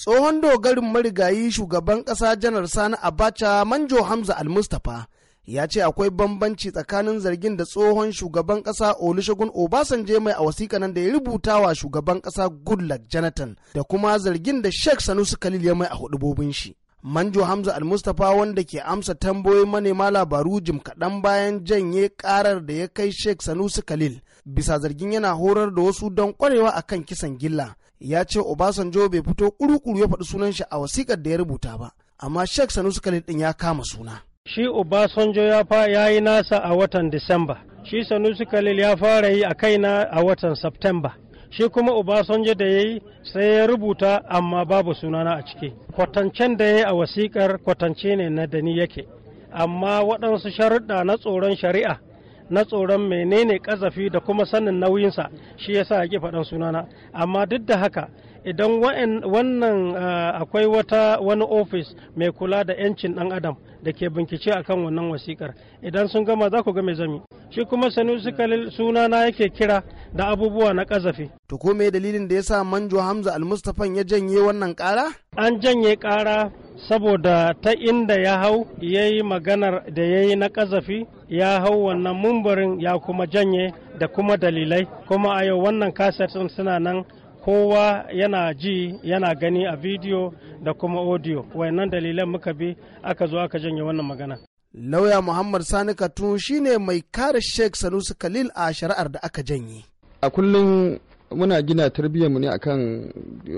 tsohon dogarin marigayi shugaban ƙasa janar sani abacha manjo hamza almustapha ya ce akwai bambanci tsakanin zargin da tsohon shugaban ƙasa olusegun obasanjo mai a wasiƙa nan da ya rubuta wa shugaban ƙasa goodluck jonathan da kuma zargin da sheikh sanusi khalil ya mai a hudubobin shi manjo hamza almustapha wanda ke amsa tambayoyin manema labaru jim kaɗan bayan janye ƙarar da ya kai sheikh sanusi khalil bisa zargin yana horar da wasu don ƙwarewa akan kisan gilla ya ce Obasanjo bai fito kuru ya faɗi sunan shi a wasikar da ya rubuta ba, amma Sheikh Sanusi Khalid ɗin ya kama suna. Shi Obasanjo ya fa ya yi nasa a watan Disamba, shi Sanusi Khalid ya fara yi a kaina a watan Septemba. Shi kuma Obasanjo da ya yi sai ya rubuta amma babu sunana a ciki. Kwatancen da ya yi a wasikar kwatance ne na dani yake, amma waɗansu sharuɗa na tsoron shari'a na tsoron menene kazafi da kuma sanin nauyinsa shi yasa ake faɗan sunana amma duk da haka idan wannan akwai wata wani ofis mai kula da 'yancin ɗan adam da ke bincike akan wannan wasikar idan sun gama za ku ga mai zami shi kuma sanusi kalil sunana yake kira da abubuwa na kazafi to ko me dalilin da yasa manjo hamza almustafan ya janye wannan ƙara an janye ƙara saboda ta inda ya hau ya yi maganar da ya yi na ƙazafi ya hau wannan mumbarin ya kuma janye da kuma dalilai kuma a yau wannan kaset suna nan kowa yana ji yana gani a bidiyo da kuma audio nan dalilan muka bi aka zo aka janye wannan magana lauya muhammad sani katun shine mai kare sheikh sanusi khalil a shari'ar da aka janye a kullum muna gina mu ne akan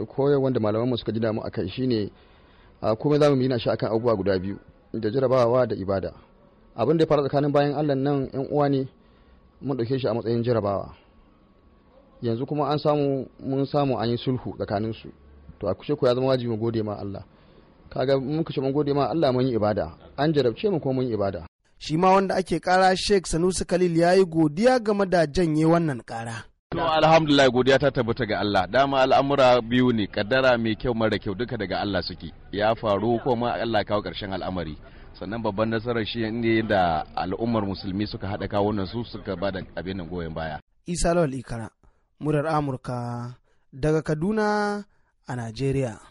koyar wanda malamanmu suka gina mu akan shine kuma za mu yi shi akan abubuwa guda biyu da jarabawa da ibada abin da ya fara tsakanin bayan allah nan yan uwa ne mun ɗauke shi a matsayin jarabawa yanzu kuma an samu mun samu an yi sulhu tsakanin su to a kushe ko ya zama wajibi mu gode ma Allah kaga mun kashe mun gode ma Allah mun yi ibada an jarabce mu kuma mun yi ibada shi ma wanda ake kara Sheikh Sanusi Khalil ya yi godiya game da janye wannan kara To alhamdulillah godiya ta tabbata ga Allah. Dama al'amura biyu ne kaddara mai kyau mara kyau duka daga Allah suke. Ya faru kuma Allah kawo ƙarshen al'amari. sannan babban nasarar shi ne da al'ummar musulmi suka haɗa kawunan su suka ba da abin nan goyon baya. Isa Lawal Ikara, murar Amurka daga Kaduna a Najeriya.